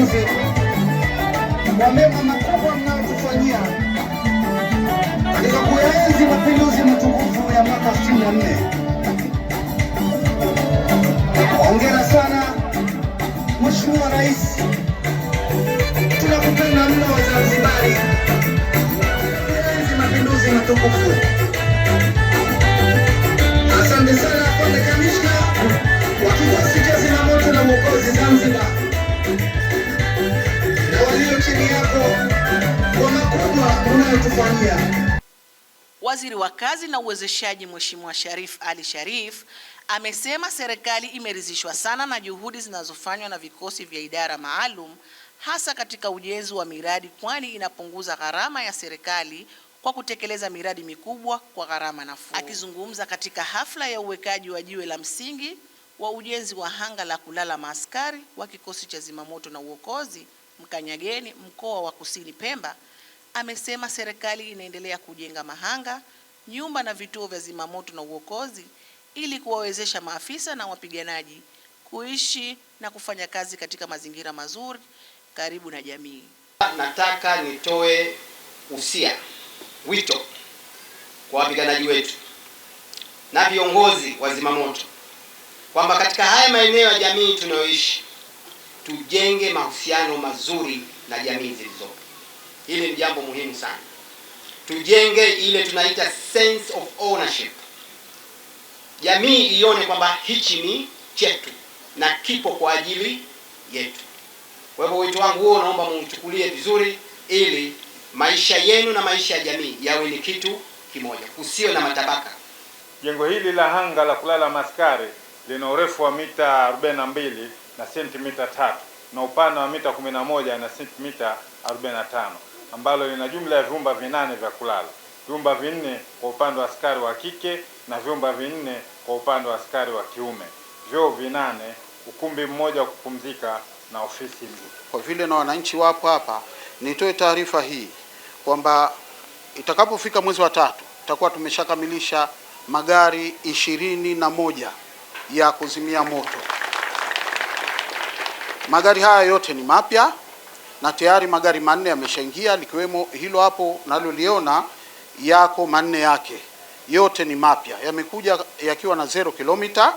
mapinduzi kwa mema makubwa mnayotufanyia katika kuenzi mapinduzi matukufu ya mwaka 64. Hongera sana Mheshimiwa Rais, tunakupenda mno Wazanzibari, enzi mapinduzi matukufu. chini yako kwa makubwa unayotufanyia. Waziri wa Kazi na Uwezeshaji Mheshimiwa Sharif Ali Sharif amesema serikali imeridhishwa sana na juhudi zinazofanywa na vikosi vya idara maalum hasa katika ujenzi wa miradi kwani inapunguza gharama ya serikali kwa kutekeleza miradi mikubwa kwa gharama nafuu. Akizungumza katika hafla ya uwekaji wa jiwe la msingi wa ujenzi wa hanga la kulala maaskari wa kikosi cha zimamoto na uokozi Mkanyageni, mkoa wa Kusini Pemba, amesema serikali inaendelea kujenga mahanga, nyumba na vituo vya zimamoto na uokozi ili kuwawezesha maafisa na wapiganaji kuishi na kufanya kazi katika mazingira mazuri karibu na jamii. Nataka nitoe usia, wito kwa wapiganaji wetu na viongozi wa zimamoto kwamba katika haya maeneo ya jamii tunayoishi tujenge mahusiano mazuri na jamii zilizopo. Hili ni jambo muhimu sana, tujenge ile tunaita sense of ownership. Jamii ione kwamba hichi ni chetu na kipo kwa ajili yetu. Kwa hivyo wito wangu huo naomba muuchukulie vizuri, ili maisha yenu na maisha ya jamii yawe ni kitu kimoja, kusio na matabaka. Jengo hili la hanga la kulala maskari lina urefu wa mita 42 na sentimita tatu na upana wa mita 11 na sentimita 45 ambalo lina jumla ya vyumba vinane vya kulala, vyumba vinne kwa upande wa askari wa kike na vyumba vinne kwa upande wa askari wa kiume, vyoo vinane, ukumbi mmoja wa kupumzika na ofisi mbili. Kwa vile na wananchi wapo hapa, nitoe taarifa hii kwamba itakapofika mwezi wa tatu tutakuwa tumeshakamilisha magari ishirini na moja ya kuzimia moto. Magari haya yote ni mapya na tayari magari manne yameshaingia likiwemo hilo hapo naloliona, yako manne yake yote ni mapya, yamekuja yakiwa na zero kilomita.